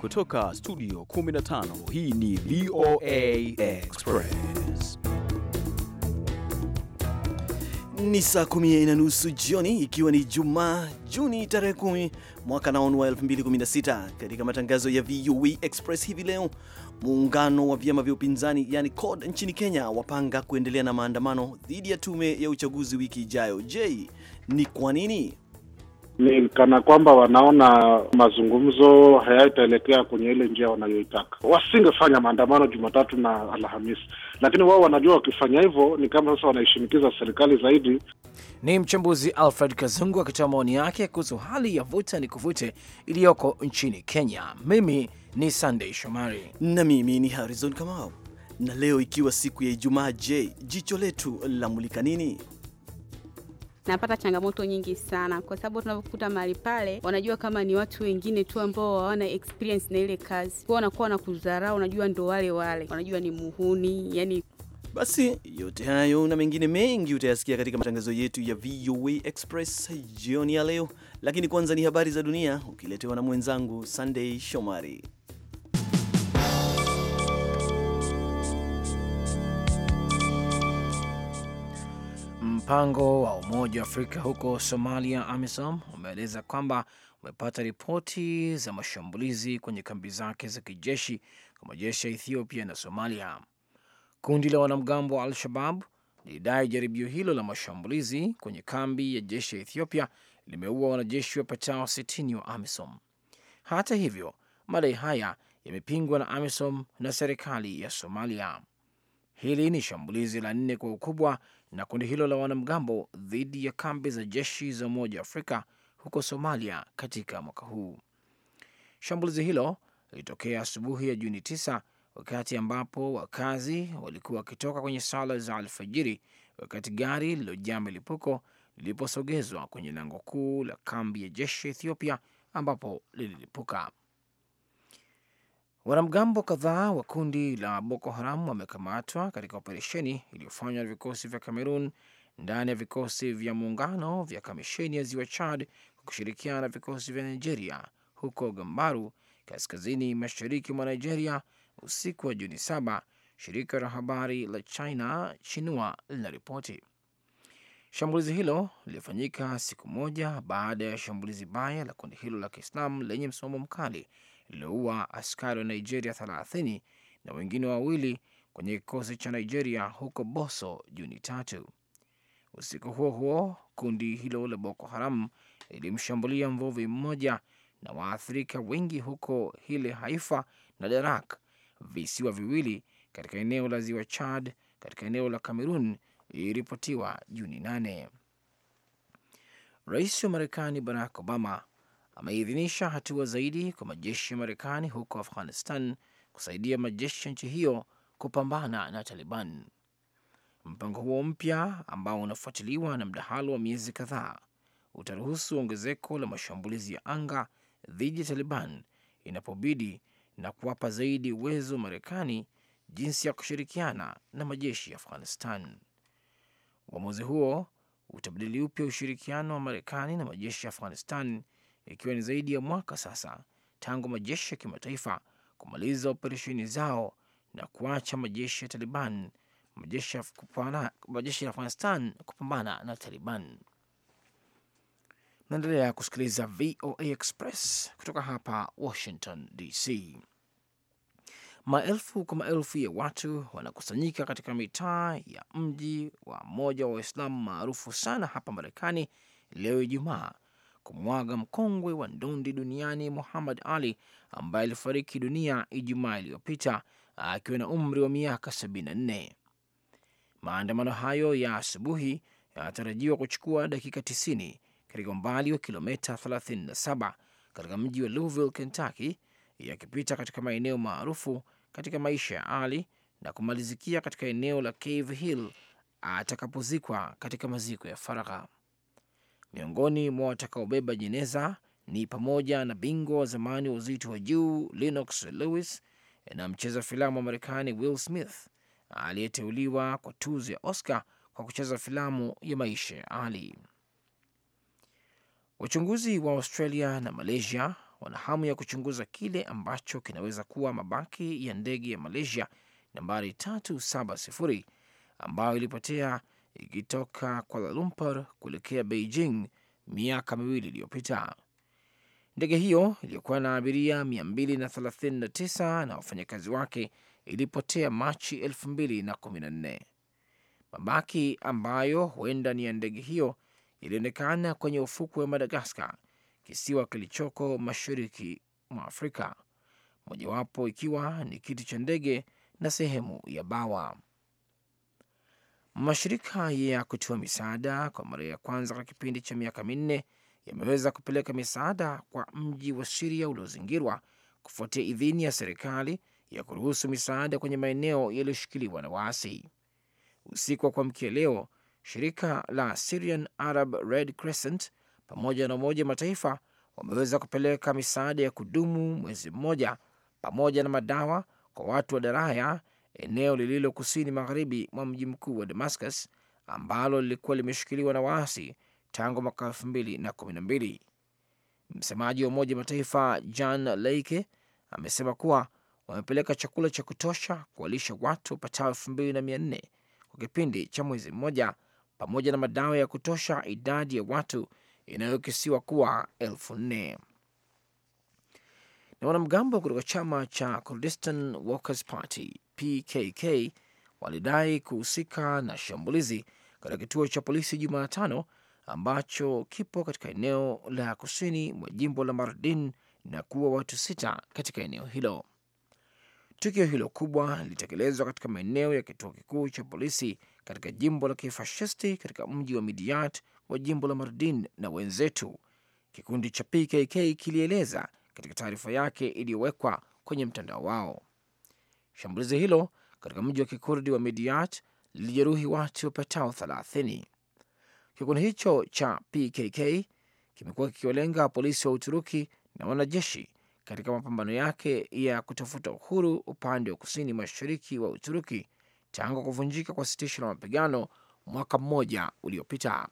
Kutoka studio 15 hii ni VOA Express. Ni saa kumi na nusu jioni ikiwa ni Jumaa Juni tarehe kumi mwaka naon wa 2016. Katika matangazo ya VOA Express hivi leo, muungano wa vyama vya upinzani yani CORD nchini Kenya wapanga kuendelea na maandamano dhidi ya tume ya uchaguzi wiki ijayo. Je, ni kwa nini? ni kana kwamba wanaona mazungumzo hayataelekea kwenye ile njia wanayoitaka. Wasingefanya maandamano Jumatatu na Alhamisi, lakini wao wanajua wakifanya hivyo ni kama sasa wanaishinikiza serikali zaidi. Ni mchambuzi Alfred Kazungu akitoa maoni yake kuhusu hali ya vuta ni kuvute iliyoko nchini Kenya. Mimi ni sandey Shomari na mimi ni Harrison Kamau, na leo ikiwa siku ya Ijumaa, je, jicho letu lamulika nini? napata changamoto nyingi sana, kwa sababu tunavyokuta mahali pale wanajua kama ni watu wengine tu ambao hawana experience na ile kazi, kwao wanakuwa na kudharau, unajua ndo wale wale, wanajua ni muhuni yani. Basi yote hayo na mengine mengi utayasikia katika matangazo yetu ya VOA Express jioni ya leo, lakini kwanza ni habari za dunia ukiletewa na mwenzangu Sunday Shomari. mpango wa Umoja wa Afrika huko Somalia, AMISOM, umeeleza kwamba umepata ripoti za mashambulizi kwenye kambi zake za kijeshi kwa majeshi ya Ethiopia na Somalia. Kundi la wanamgambo wa Al-Shabab lilidai jaribio hilo la mashambulizi kwenye kambi ya jeshi ya Ethiopia limeua wanajeshi wapatao 60 wa AMISOM. Hata hivyo, madai haya yamepingwa na AMISOM na serikali ya Somalia. Hili ni shambulizi la nne kwa ukubwa na kundi hilo la wanamgambo dhidi ya kambi za jeshi za Umoja wa Afrika huko Somalia katika mwaka huu. Shambulizi hilo lilitokea asubuhi ya Juni 9 wakati ambapo wakazi walikuwa wakitoka kwenye sala za alfajiri, wakati gari lililojaa milipuko liliposogezwa kwenye lango kuu la kambi ya jeshi Ethiopia ambapo lililipuka. Wanamgambo kadhaa wa kundi la Boko Haram wamekamatwa katika operesheni iliyofanywa na vikosi vya Cameroon ndani ya vikosi vya muungano vya kamisheni ya ziwa Chad kwa kushirikiana na vikosi vya Nigeria huko Gambaru, kaskazini mashariki mwa Nigeria usiku wa Juni saba, shirika la habari la China Chinua linaripoti. Shambulizi hilo lilifanyika siku moja baada ya shambulizi baya la kundi hilo la Kiislamu lenye msimamo mkali lililoua askari wa Nigeria 30 na wengine wawili kwenye kikosi cha Nigeria huko Boso Juni tatu. Usiku huo huo, kundi hilo la Boko Haram lilimshambulia mvuvi mmoja na waathirika wengi huko Hile Haifa na Darak, visiwa viwili katika eneo la ziwa Chad katika eneo la Kamerun, iliripotiwa Juni nane. Rais wa Marekani Barack Obama ameidhinisha hatua zaidi kwa majeshi ya Marekani huko Afghanistan kusaidia majeshi ya nchi hiyo kupambana na Taliban. Mpango huo mpya ambao unafuatiliwa na mdahalo wa miezi kadhaa utaruhusu ongezeko la mashambulizi ya anga dhidi ya Taliban inapobidi na kuwapa zaidi uwezo wa Marekani jinsi ya kushirikiana na majeshi ya Afghanistan. Uamuzi huo utabadili upya ushirikiano wa Marekani na majeshi ya Afghanistan ikiwa ni zaidi ya mwaka sasa tangu majeshi ya kimataifa kumaliza operesheni zao na kuacha majeshi ya Taliban majeshi ya Afghanistan kupambana na Taliban. Naendelea kusikiliza VOA Express kutoka hapa Washington DC. Maelfu kwa maelfu ya watu wanakusanyika katika mitaa ya mji wa mmoja wa Waislamu maarufu sana hapa Marekani leo Ijumaa kumwaga mkongwe wa ndondi duniani Muhammad Ali ambaye alifariki dunia Ijumaa iliyopita akiwa na umri wa miaka 74. Maandamano hayo ya asubuhi yanatarajiwa kuchukua dakika 90 katika umbali wa kilometa 37 katika mji wa Louisville, Kentucky, yakipita katika maeneo maarufu katika maisha ya Ali na kumalizikia katika eneo la Cave Hill atakapozikwa katika maziko ya faragha. Miongoni mwa watakaobeba jeneza ni pamoja na bingwa wa zamani wa uzito wa juu Lennox Lewis na mcheza filamu wa Marekani Will Smith aliyeteuliwa kwa tuzo ya Oscar kwa kucheza filamu ya maisha ya Ali. Wachunguzi wa Australia na Malaysia wana hamu ya kuchunguza kile ambacho kinaweza kuwa mabaki ya ndege ya Malaysia nambari 370 ambayo ilipotea ikitoka Kuala Lumpur kuelekea Beijing miaka miwili iliyopita. Ndege hiyo iliyokuwa na abiria 239 na wafanyakazi wake ilipotea Machi 2014. Mabaki ambayo huenda ni ya ndege hiyo yalionekana kwenye ufukwe wa Madagaskar, kisiwa kilichoko mashariki mwa Afrika, mojawapo ikiwa ni kiti cha ndege na sehemu ya bawa. Mashirika ya kutoa misaada kwa mara ya kwanza katika kipindi cha miaka minne yameweza kupeleka misaada kwa mji wa Siria uliozingirwa kufuatia idhini ya serikali ya kuruhusu misaada kwenye maeneo yaliyoshikiliwa na waasi. Usiku wa kuamkia leo, shirika la Syrian Arab Red Crescent pamoja na Umoja wa Mataifa wameweza kupeleka misaada ya kudumu mwezi mmoja pamoja na madawa kwa watu wa Daraya eneo lililo kusini magharibi mwa mji mkuu wa Damascus ambalo lilikuwa limeshikiliwa na waasi tangu mwaka elfu mbili na kumi na mbili. Msemaji wa Umoja Mataifa Jan Leike amesema kuwa wamepeleka chakula cha kutosha kuwalisha watu wapatao elfu mbili na mia nne kwa kipindi cha mwezi mmoja pamoja na madawa ya kutosha, idadi ya watu inayokisiwa kuwa elfu nne. Na wanamgambo kutoka chama cha Kurdistan Workers Party PKK walidai kuhusika na shambulizi katika kituo cha polisi Jumatano ambacho kipo katika eneo la kusini mwa jimbo la Mardin na kuwa watu sita katika eneo hilo. Tukio hilo kubwa lilitekelezwa katika maeneo ya kituo kikuu cha polisi katika jimbo la kifashisti katika mji wa Midiat wa jimbo la Mardin na wenzetu, kikundi cha PKK kilieleza katika taarifa yake iliyowekwa kwenye mtandao wao. Shambulizi hilo katika mji wa kikurdi wa Midiat lilijeruhi watu wapatao 30. Kikundi hicho cha PKK kimekuwa kikiwalenga polisi wa Uturuki na wanajeshi katika mapambano yake ya kutafuta uhuru upande wa kusini mashariki wa Uturuki tangu kuvunjika kwa sitisho la mapigano mwaka mmoja uliopita.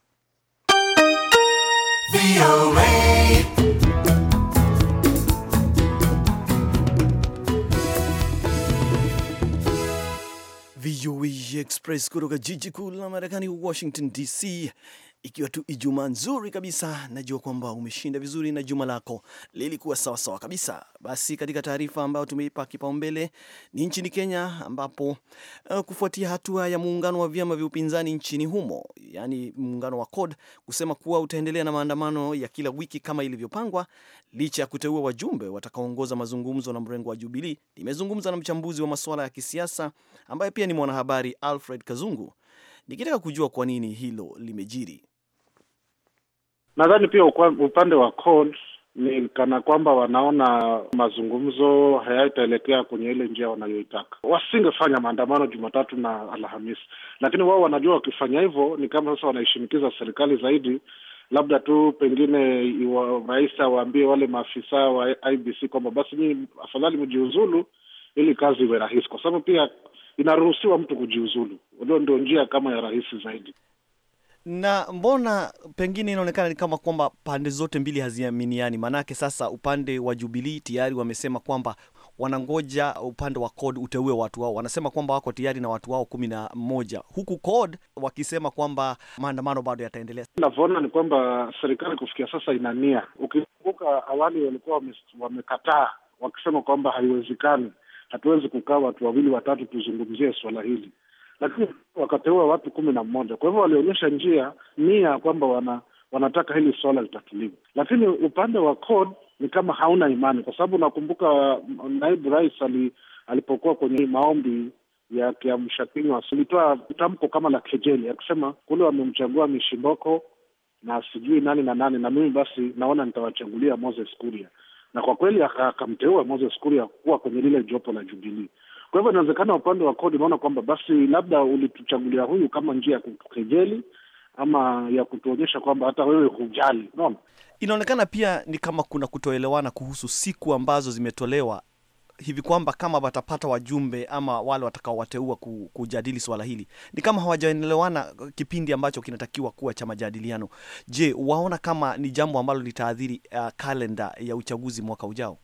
Express kutoka jiji kuu la Marekani, Washington DC, ikiwa tu Ijumaa nzuri kabisa. Najua kwamba umeshinda vizuri na juma lako lilikuwa sawasawa sawa kabisa. Basi katika taarifa ambayo tumeipa kipaumbele ni nchini Kenya, ambapo uh, kufuatia hatua ya muungano wa vyama vya upinzani nchini humo, yani muungano wa CORD kusema kuwa utaendelea na maandamano ya kila wiki kama ilivyopangwa, licha ya kuteua wajumbe watakaoongoza mazungumzo na mrengo wa Jubilee, nimezungumza na mchambuzi wa masuala ya kisiasa ambaye pia ni mwanahabari Alfred Kazungu nikitaka kujua kwa nini hilo limejiri. Nadhani pia upande wa CORD ni kana kwamba wanaona mazungumzo hayataelekea kwenye ile njia wanayoitaka. Wasingefanya maandamano Jumatatu na Alhamisi, lakini wao wanajua wakifanya hivyo ni kama sasa wanaishinikiza serikali zaidi labda tu pengine iwa rais awaambie wale maafisa wa IBC kwamba basi nyinyi afadhali mjiuzulu ili kazi iwe rahisi, kwa sababu pia inaruhusiwa mtu kujiuzulu. Ndio ndio njia kama ya rahisi zaidi na mbona pengine inaonekana ni kama kwamba pande zote mbili haziaminiani? Maanake sasa upande wa Jubilii tayari wamesema kwamba wanangoja upande wa CORD uteue watu wao, wanasema kwamba wako tayari na watu wao kumi na moja, huku CORD wakisema kwamba maandamano bado yataendelea. Navyoona ni kwamba serikali kufikia sasa ina nia. Ukikumbuka awali walikuwa wamekataa wakisema kwamba haiwezekani, hatuwezi kukaa watu wawili watatu tuzungumzie swala hili lakini wakateua watu kumi na mmoja. Kwa hivyo walionyesha njia nia kwamba wana, wanataka hili swala litatuliwe, lakini upande wa CORD ni kama hauna imani, kwa sababu nakumbuka uh, naibu rais ali, alipokuwa kwenye maombi ya kiamsha kinywa alitoa tamko kama la kejeli akisema kule wamemchagua Mishimboko na sijui nani na nani, na mimi basi naona nitawachagulia Moses Kuria, na kwa kweli akamteua Moses Kuria kuwa kwenye lile jopo la Jubilii. Kwa hivyo inawezekana upande wa kodi unaona kwamba basi labda ulituchagulia huyu kama njia ya kutukejeli ama ya kutuonyesha kwamba hata wewe hujali. Unaona, inaonekana pia ni kama kuna kutoelewana kuhusu siku ambazo zimetolewa hivi kwamba kama watapata wajumbe ama wale watakaowateua kujadili swala hili ni kama hawajaelewana kipindi ambacho kinatakiwa kuwa cha majadiliano. Je, waona kama ni jambo ambalo litaathiri uh, kalenda ya uchaguzi mwaka ujao?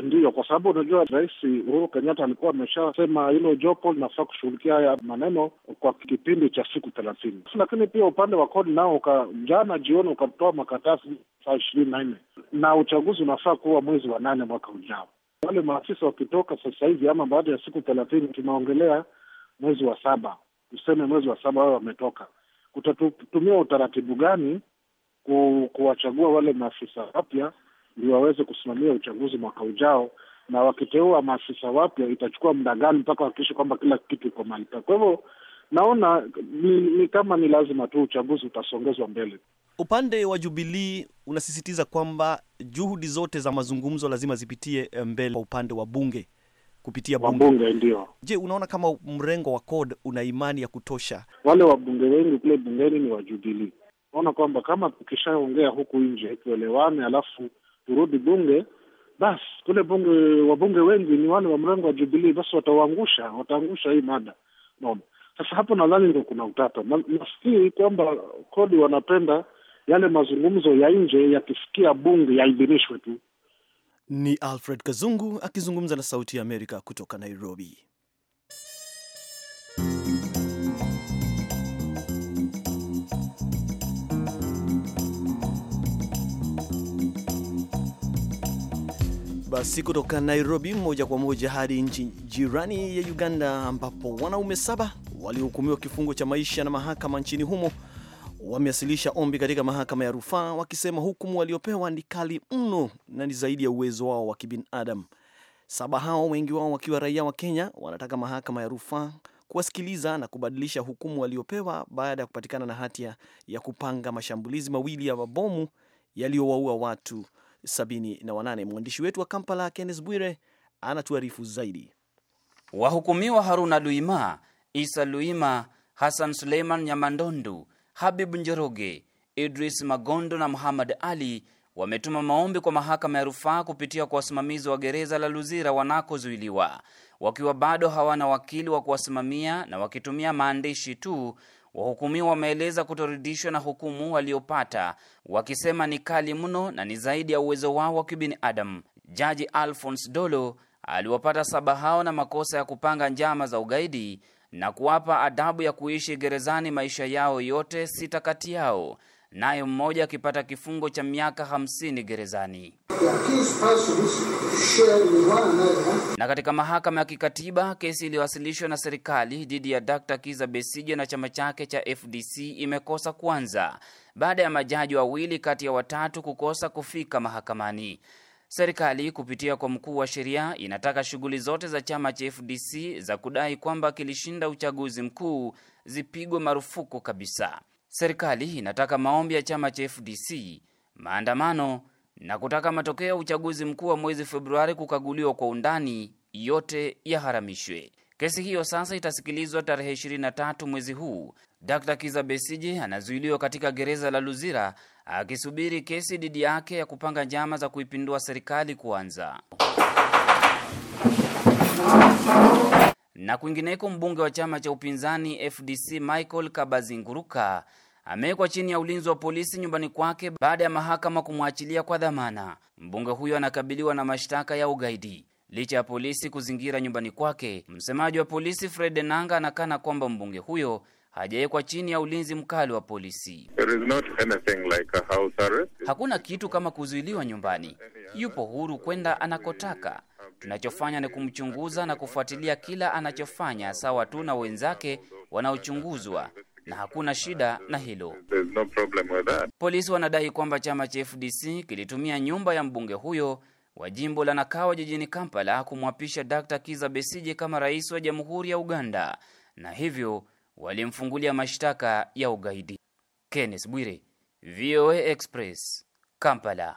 Ndiyo, kwa sababu unajua Rais Uhuru Kenyatta alikuwa ameshasema hilo jopo linafaa kushughulikia haya maneno kwa kipindi cha siku thelathini, lakini pia upande wa kodi nao jana jioni ukatoa makatasi saa ishirini na nne na uchaguzi unafaa kuwa mwezi wa nane mwaka ujao. Wale maafisa wakitoka sasa hivi ama baada ya siku thelathini, tunaongelea mwezi wa saba, tuseme mwezi wa saba wao wametoka, kutatumia utaratibu gani ku, kuwachagua wale maafisa wapya ndio waweze kusimamia uchaguzi mwaka ujao, na wakiteua maafisa wapya itachukua muda gani mpaka wahakikishe kwamba kila kitu iko mahali pake. Kwa hivyo naona ni, ni kama ni lazima tu uchaguzi utasongezwa mbele. Upande wa Jubilii unasisitiza kwamba juhudi zote za mazungumzo lazima zipitie eh, mbele kwa upande wa bunge kupitia bunge. Wabunge ndio. Je, unaona kama mrengo wa CORD una imani ya kutosha? Wale wabunge wengi kule bungeni ni wa Jubilii. naona kwamba kama ukishaongea huku nje kuelewane, alafu turudi bunge, basi kule bunge wabunge wengi ni wale wa mrengo wa Jubilii, basi watawaangusha, wataangusha hii mada. Naona sasa hapo nadhani ndio kuna utata. Nafikiri kwamba kodi wanapenda yale mazungumzo ya nje yakisikia bunge yaidhinishwe tu. Ni Alfred Kazungu akizungumza na Sauti ya Amerika kutoka Nairobi. Basi kutoka Nairobi moja kwa moja hadi nchi jirani ya Uganda, ambapo wanaume saba waliohukumiwa kifungo cha maisha na mahakama nchini humo wamewasilisha ombi katika mahakama ya rufaa wakisema hukumu waliopewa ni kali mno na ni zaidi ya uwezo wao wa kibinadamu. Saba hao, wengi wao wakiwa raia wa Kenya, wanataka mahakama ya rufaa kuwasikiliza na kubadilisha hukumu waliopewa baada ya kupatikana na hatia ya kupanga mashambulizi mawili ya mabomu yaliyowaua watu 78. Mwandishi wetu wa Kampala, kennes Bwire, anatuarifu zaidi. Wahukumiwa Haruna Luima, Isa Luima, Hassan Suleiman Nyamandondu, Habib Njoroge, Idris Magondo na Muhammad Ali wametuma maombi kwa mahakama ya rufaa kupitia kwa wasimamizi wa gereza la Luzira wanakozuiliwa wakiwa bado hawana wakili wa kuwasimamia na wakitumia maandishi tu Wahukumiwa wameeleza kutoridhishwa na hukumu waliopata, wakisema ni kali mno na ni zaidi ya uwezo wao wa kibinadamu. Jaji Alphonse Dolo aliwapata saba hao na makosa ya kupanga njama za ugaidi na kuwapa adabu ya kuishi gerezani maisha yao yote, sita kati yao, naye mmoja akipata kifungo cha miaka 50 gerezani. Na katika mahakama ya kikatiba kesi iliyowasilishwa na serikali dhidi ya Dr. Kiza Besije na chama chake cha FDC imekosa kuanza baada ya majaji wawili kati ya watatu kukosa kufika mahakamani. Serikali kupitia kwa mkuu wa sheria inataka shughuli zote za chama cha FDC za kudai kwamba kilishinda uchaguzi mkuu zipigwe marufuku kabisa. Serikali inataka maombi ya chama cha FDC, maandamano na kutaka matokeo ya uchaguzi mkuu wa mwezi Februari kukaguliwa kwa undani, yote yaharamishwe. Kesi hiyo sasa itasikilizwa tarehe 23 mwezi huu. Dr. Kiza Besije anazuiliwa katika gereza la Luzira akisubiri kesi dhidi yake ya kupanga njama za kuipindua serikali kuanza. Na kwingineko, mbunge wa chama cha upinzani FDC Michael Kabazinguruka amewekwa chini ya ulinzi wa polisi nyumbani kwake baada ya mahakama kumwachilia kwa dhamana. Mbunge huyo anakabiliwa na mashtaka ya ugaidi licha ya polisi kuzingira nyumbani kwake. Msemaji wa polisi Fred nanga anakana kwamba mbunge huyo hajawekwa chini ya ulinzi mkali wa polisi. Like hakuna kitu kama kuzuiliwa nyumbani, yupo huru kwenda anakotaka. Tunachofanya ni kumchunguza na kufuatilia kila anachofanya, sawa tu na wenzake wanaochunguzwa na hakuna shida na hilo. No, polisi wanadai kwamba chama cha FDC kilitumia nyumba ya mbunge huyo wa jimbo la Nakawa jijini Kampala kumwapisha Dr. Kiza Besije kama rais wa Jamhuri ya Uganda, na hivyo walimfungulia mashtaka ya ugaidi. Kenneth Bwire, VOA Express, Kampala.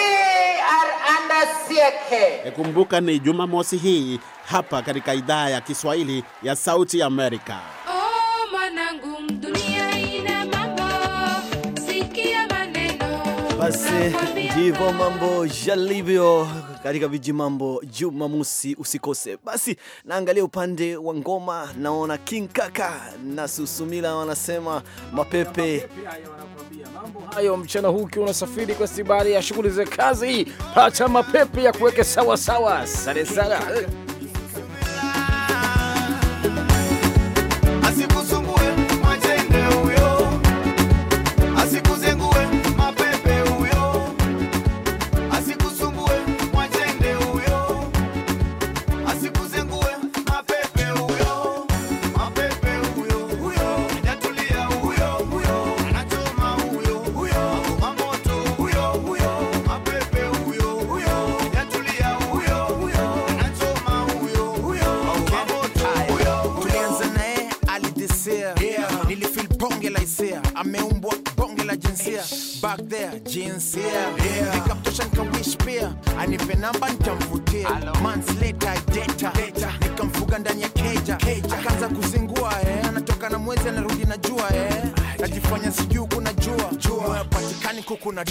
Kumbuka ni Jumamosi hii hapa katika idhaa ya Kiswahili ya Sauti Amerika. Basi ndivyo mambo yalivyo katika viji mambo Jumamosi, usikose. Basi naangalia upande wa ngoma, naona King Kaka na Susumila wanasema mapepe hayo mchana huu ukiwa unasafiri kwa sibari ya shughuli za kazi, pata mapepe ya kuweke sawa sawa. Sare sana kuna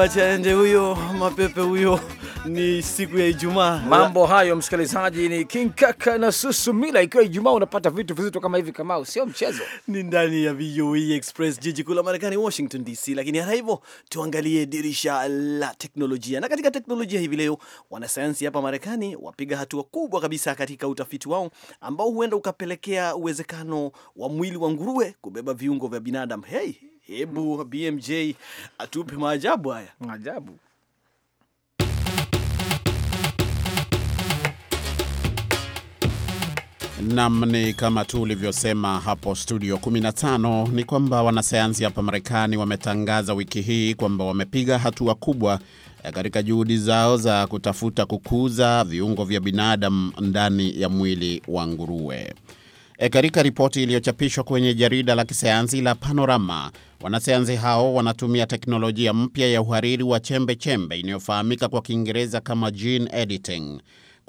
mwache aende huyo mapepe huyo. Ni siku ya Ijumaa, mambo hayo msikilizaji. Ni King Kaka na Susu Mila. Ikiwa Ijumaa unapata vitu vizito kama hivi, kama sio mchezo. Ni ndani ya VOA e Express, jiji kuu la Marekani, Washington DC. Lakini hata hivyo, tuangalie dirisha la teknolojia, na katika teknolojia hivi leo wanasayansi hapa Marekani wapiga hatua kubwa kabisa katika utafiti wao ambao huenda ukapelekea uwezekano wa mwili wa nguruwe kubeba viungo vya binadamu. Hey, Hebu BMJ atupe maajabu haya, maajabu Nam, ni kama tu ulivyosema hapo studio 15 ni kwamba wanasayansi hapa Marekani wametangaza wiki hii kwamba wamepiga hatua kubwa eh, katika juhudi zao za kutafuta kukuza viungo vya binadamu ndani ya mwili wa nguruwe. E, katika ripoti iliyochapishwa kwenye jarida la kisayansi la Panorama, wanasayansi hao wanatumia teknolojia mpya ya uhariri wa chembe chembe inayofahamika kwa Kiingereza kama gene editing.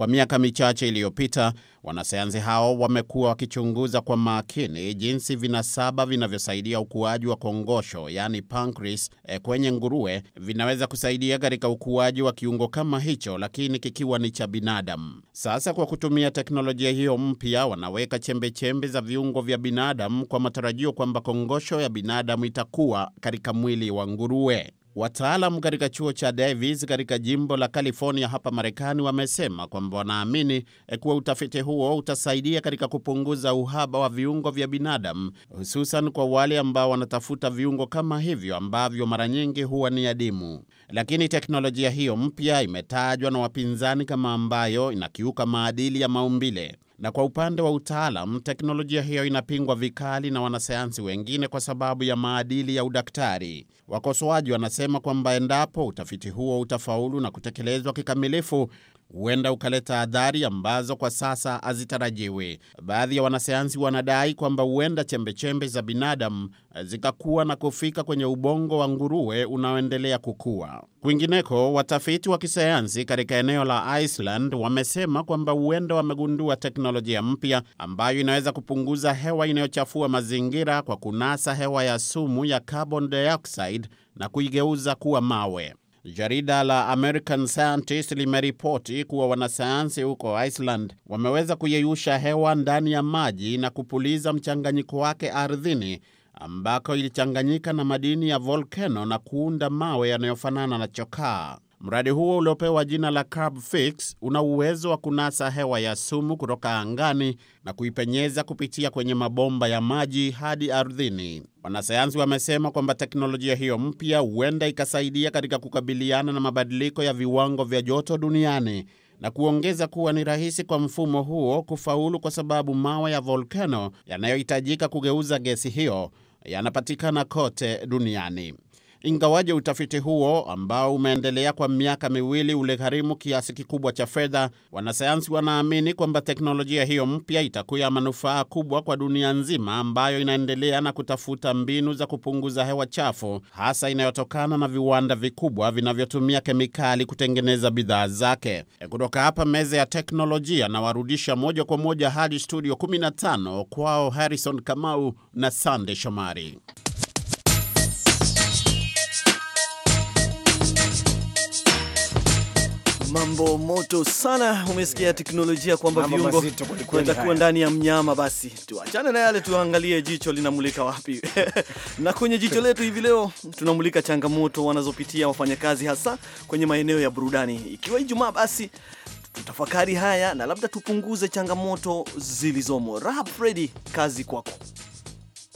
Kwa miaka michache iliyopita, wanasayansi hao wamekuwa wakichunguza kwa makini jinsi vinasaba vinavyosaidia ukuaji wa kongosho, yaani pancreas, eh, kwenye nguruwe vinaweza kusaidia katika ukuaji wa kiungo kama hicho, lakini kikiwa ni cha binadamu. Sasa kwa kutumia teknolojia hiyo mpya, wanaweka chembechembe za viungo vya binadamu kwa matarajio kwamba kongosho ya binadamu itakuwa katika mwili wa nguruwe. Wataalamu katika chuo cha Davis katika jimbo la California hapa Marekani wamesema kwamba wanaamini eh, kuwa utafiti huo utasaidia katika kupunguza uhaba wa viungo vya binadamu, hususan kwa wale ambao wanatafuta viungo kama hivyo ambavyo mara nyingi huwa ni adimu. Lakini teknolojia hiyo mpya imetajwa na wapinzani kama ambayo inakiuka maadili ya maumbile. Na kwa upande wa utaalam, teknolojia hiyo inapingwa vikali na wanasayansi wengine kwa sababu ya maadili ya udaktari. Wakosoaji wanasema kwamba endapo utafiti huo utafaulu na kutekelezwa kikamilifu, huenda ukaleta adhari ambazo kwa sasa hazitarajiwi. Baadhi ya wanasayansi wanadai kwamba huenda chembechembe za binadamu eh, zikakuwa na kufika kwenye ubongo wa nguruwe unaoendelea kukua. Kwingineko, watafiti wa kisayansi katika eneo la Iceland wamesema kwamba huenda wamegundua teknolojia mpya ambayo inaweza kupunguza hewa inayochafua mazingira kwa kunasa hewa ya sumu ya carbon dioxide na kuigeuza kuwa mawe. Jarida la American Scientist limeripoti kuwa wanasayansi huko Iceland wameweza kuyeyusha hewa ndani ya maji na kupuliza mchanganyiko wake ardhini ambako ilichanganyika na madini ya volcano na kuunda mawe yanayofanana na chokaa. Mradi huo uliopewa jina la Carb Fix una uwezo wa kunasa hewa ya sumu kutoka angani na kuipenyeza kupitia kwenye mabomba ya maji hadi ardhini. Wanasayansi wamesema kwamba teknolojia hiyo mpya huenda ikasaidia katika kukabiliana na mabadiliko ya viwango vya joto duniani na kuongeza kuwa ni rahisi kwa mfumo huo kufaulu kwa sababu mawe ya volkano yanayohitajika kugeuza gesi hiyo yanapatikana kote duniani ingawaje utafiti huo ambao umeendelea kwa miaka miwili uligharimu kiasi kikubwa cha fedha, wanasayansi wanaamini kwamba teknolojia hiyo mpya itakuwa manufaa kubwa kwa dunia nzima ambayo inaendelea na kutafuta mbinu za kupunguza hewa chafu, hasa inayotokana na viwanda vikubwa vinavyotumia kemikali kutengeneza bidhaa zake. E, kutoka hapa meza ya teknolojia nawarudisha moja kwa moja hadi studio 15 kwao Harrison Kamau na Sande Shomari. Mambo moto sana. Umesikia teknolojia kwamba viungo vinatakuwa ndani ya mnyama. Basi tuachane na yale, tuangalie jicho linamulika wapi. Na kwenye jicho letu hivi leo tunamulika changamoto wanazopitia wafanyakazi hasa kwenye maeneo ya burudani. Ikiwa Ijumaa, basi tutafakari haya na labda tupunguze changamoto zilizomo. Rahab Fredi, kazi kwako.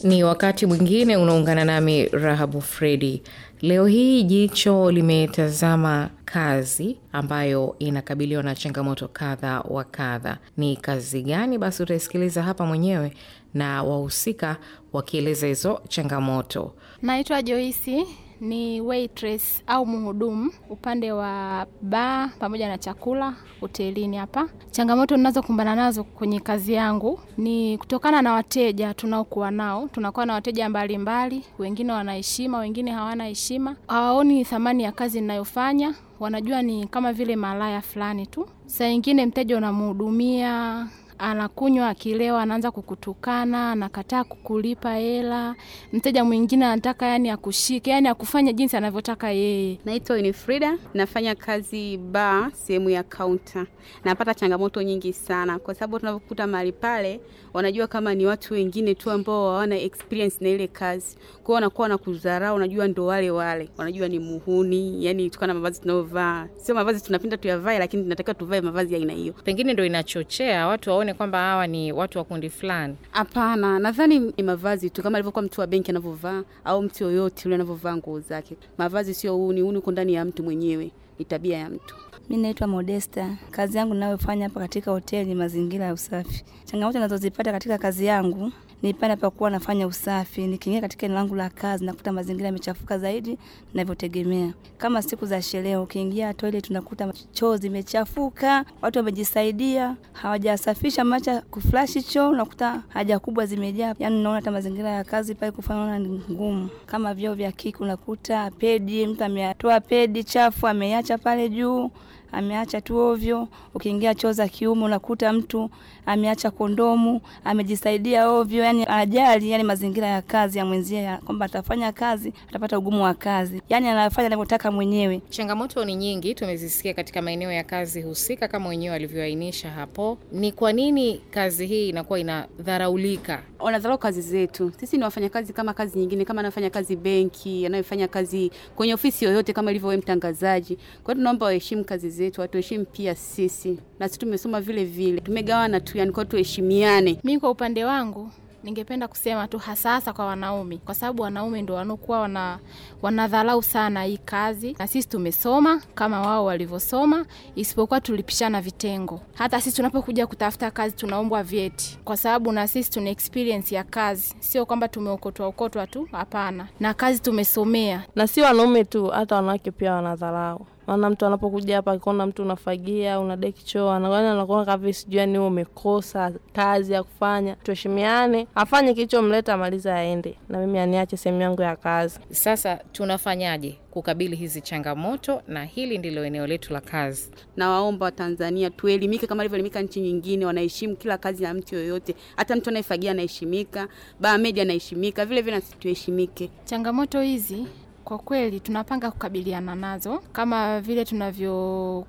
Ni wakati mwingine unaungana nami Rahabu Fredi. Leo hii jicho limetazama kazi ambayo inakabiliwa na changamoto kadha wa kadha. Ni kazi gani? Basi utaisikiliza hapa mwenyewe na wahusika wakieleza hizo changamoto. Naitwa joisi ni waitress au mhudumu upande wa baa pamoja na chakula hotelini hapa. Changamoto ninazokumbana nazo kwenye kazi yangu ni kutokana na wateja tunaokuwa nao. Tunakuwa na wateja mbalimbali mbali, wengine wanaheshima, wengine hawana heshima, hawaoni thamani ya kazi ninayofanya wanajua ni kama vile malaya fulani tu. Saa nyingine mteja unamhudumia anakunywa akilewa, anaanza kukutukana, anakataa kukulipa hela. Mteja mwingine anataka yani akushike, yani akufanya jinsi anavyotaka yeye. Naitwa Winifrida, nafanya kazi ba sehemu ya kaunta. Napata changamoto nyingi sana, kwa sababu tunavyokuta mahali pale, wanajua kama ni watu wengine tu ambao hawana experience na ile kazi, kwa hiyo wanakuwa wanakudharau. Unajua ndo wale wale, wanajua ni muhuni, yani na mavazi tunayovaa. sio mavazi tunapenda tuyavae, lakini tunatakiwa tuvae mavazi ya aina hiyo, pengine ndo inachochea watu waone waone kwamba hawa ni watu wa kundi fulani? Hapana, nadhani ni mavazi tu, kama alivyokuwa mtu wa benki anavyovaa au mtu yoyote yule anavyovaa nguo zake. Mavazi sio uni, uni uko ndani ya mtu mwenyewe, ni tabia ya mtu. Mi naitwa Modesta. Kazi yangu ninayofanya hapa katika hoteli ni mazingira ya usafi. Changamoto ninazozipata katika kazi yangu ni pale ninapokuwa nafanya usafi, nikiingia katika eneo langu la kazi nakuta mazingira yamechafuka zaidi ninavyotegemea. Kama siku za sherehe, ukiingia toilet tunakuta choo zimechafuka, watu wamejisaidia, hawajasafisha macha kuflashi choo, unakuta haja kubwa zimejaa. Yani naona hata mazingira ya kazi pale kufanana ni ngumu. Kama vyoo vya kiki, unakuta pedi, mtu ametoa pedi chafu ameacha pale juu ameacha tu ovyo. Ukiingia choo za kiume unakuta mtu ameacha kondomu, amejisaidia ovyo, yani ajali, yani mazingira ya kazi ya mwenzie, kwamba atafanya kazi atapata ugumu wa kazi, yani anafanya anavyotaka mwenyewe. Changamoto ni nyingi, tumezisikia katika maeneo ya kazi husika kama wenyewe walivyoainisha hapo. Ni kwa nini kazi hii inakuwa inadharaulika? Wanadharau kazi zetu, sisi ni wafanyakazi kama kazi nyingine, kama anafanya kazi benki, anayofanya kazi kwenye ofisi yoyote, kama ilivyo mtangazaji. Kwa hiyo tunaomba waheshimu kazi zetu zetu, watuheshimu pia sisi, na sisi tumesoma vile vile, tumegawana tu, yani kwa tuheshimiane. Mimi kwa upande wangu ningependa kusema tu hasa hasa kwa wanaume, kwa sababu wanaume ndio wanaokuwa wana wanadharau sana hii kazi, na sisi tumesoma kama wao walivyosoma, isipokuwa tulipishana vitengo. Hata sisi tunapokuja kutafuta kazi tunaombwa vyeti, kwa sababu na sisi tuna experience ya kazi, sio kwamba tumeokotwa okotwa tu, hapana, na kazi tumesomea. Na si wanaume tu, hata wanawake pia wanadharau maana mtu anapokuja hapa akiona mtu unafagia unadeki choo, anakuwa kavi sijui, yani wewe umekosa kazi ya kufanya. Tuheshimiane, afanye kilichomleta, amaliza, aende na mimi aniache sehemu yangu ya kazi. Sasa tunafanyaje kukabili hizi changamoto? Na hili ndilo eneo letu la kazi. Nawaomba Watanzania tuelimike kama alivyoelimika nchi nyingine, wanaheshimu kila kazi ya mtu yoyote, hata mtu anayefagia anaheshimika, baa media anaheshimika, vile vile na tuheshimike. Changamoto hizi kwa kweli tunapanga kukabiliana nazo kama vile tunavyo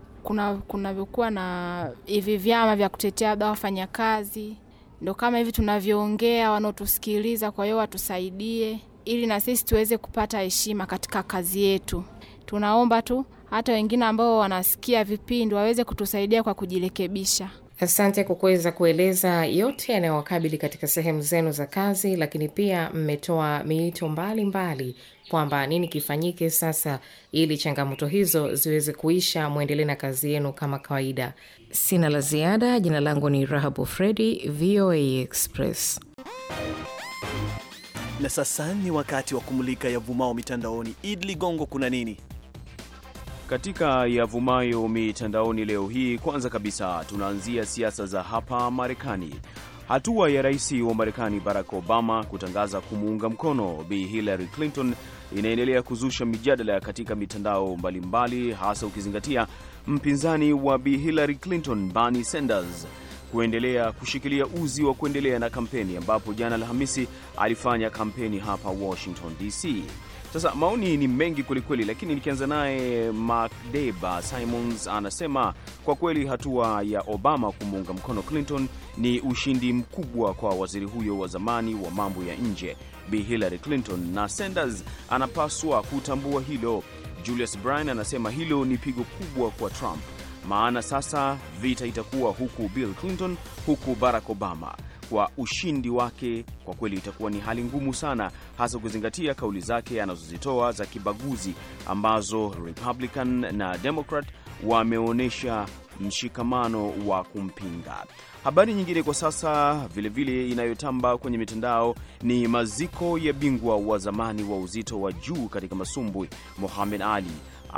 kuna na hivi vyama vya kutetea labda wafanyakazi, ndo kama hivi tunavyoongea wanaotusikiliza, kwa hiyo watusaidie ili na sisi tuweze kupata heshima katika kazi yetu. Tunaomba tu hata wengine ambao wanasikia vipindi waweze kutusaidia kwa kujirekebisha. Asante kwa kuweza kueleza yote yanayowakabili katika sehemu zenu za kazi, lakini pia mmetoa miito mbalimbali kwamba nini kifanyike sasa ili changamoto hizo ziweze kuisha, mwendelee na kazi yenu kama kawaida. Sina la ziada. Jina langu ni Rahabu Fredi, VOA Express. Na sasa ni wakati wa kumulika yavumao mitandaoni. id Ligongo, kuna nini? katika yavumayo mitandaoni leo hii. Kwanza kabisa, tunaanzia siasa za hapa Marekani. Hatua ya rais wa Marekani Barack Obama kutangaza kumuunga mkono Bi Hillary Clinton inaendelea kuzusha mijadala katika mitandao mbalimbali, hasa ukizingatia mpinzani wa Bi Hillary Clinton Bernie Sanders kuendelea kushikilia uzi wa kuendelea na kampeni, ambapo jana Alhamisi alifanya kampeni hapa Washington DC. Sasa maoni ni mengi kwelikweli, lakini nikianza naye Makdeba Simons anasema kwa kweli hatua ya Obama kumuunga mkono Clinton ni ushindi mkubwa kwa waziri huyo wa zamani wa mambo ya nje Bi Hillary Clinton, na Sanders anapaswa kutambua hilo. Julius Bryan anasema hilo ni pigo kubwa kwa Trump maana sasa vita itakuwa huku Bill Clinton, huku Barack Obama. Kwa ushindi wake kwa kweli itakuwa ni hali ngumu sana, hasa kuzingatia kauli zake anazozitoa za kibaguzi ambazo Republican na Democrat wameonyesha mshikamano wa kumpinga. Habari nyingine kwa sasa vilevile vile inayotamba kwenye mitandao ni maziko ya bingwa wa zamani wa uzito wa juu katika masumbwi Muhammad Ali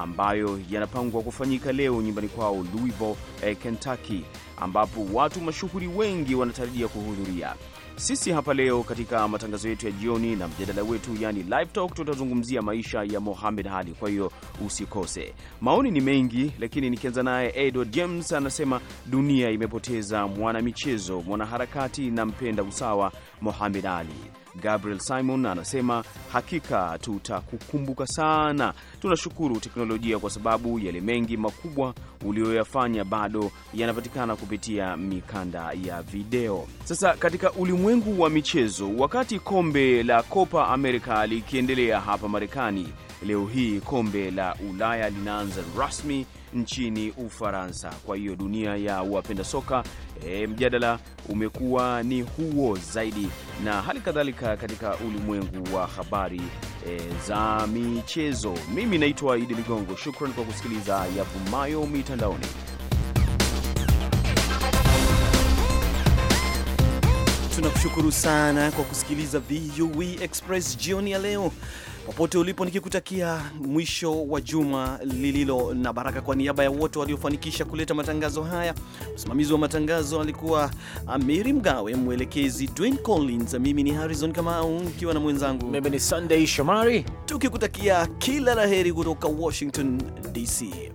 ambayo yanapangwa kufanyika leo nyumbani kwao Louisville, eh, Kentucky, ambapo watu mashuhuri wengi wanatarajia kuhudhuria. Sisi hapa leo katika matangazo yetu ya jioni na mjadala wetu, yani live talk, tutazungumzia maisha ya Mohamed Ali. Kwa hiyo usikose. Maoni ni mengi, lakini nikianza naye Edward James anasema dunia imepoteza mwanamichezo, mwanaharakati na mpenda usawa Mohamed Ali. Gabriel Simon anasema hakika tutakukumbuka sana. Tunashukuru teknolojia kwa sababu yale mengi makubwa uliyoyafanya bado yanapatikana kupitia mikanda ya video. Sasa katika ulimwengu wa michezo, wakati kombe la Copa America likiendelea hapa Marekani, leo hii kombe la Ulaya linaanza rasmi nchini Ufaransa. Kwa hiyo dunia ya wapenda soka e, mjadala umekuwa ni huo zaidi, na hali kadhalika katika ulimwengu wa habari e, za michezo. Mimi naitwa Idi Ligongo, shukran kwa kusikiliza yavumayo mitandaoni. Tunakushukuru sana kwa kusikiliza VUE Express jioni ya leo popote ulipo, nikikutakia mwisho wa juma lililo na baraka. Kwa niaba ya wote waliofanikisha kuleta matangazo haya, msimamizi wa matangazo alikuwa Amiri Mgawe, mwelekezi Dwayne Collins, mimi ni Harrison Kamau nikiwa na mwenzangu mimi ni Sunday Shomari, tukikutakia kila laheri kutoka Washington DC.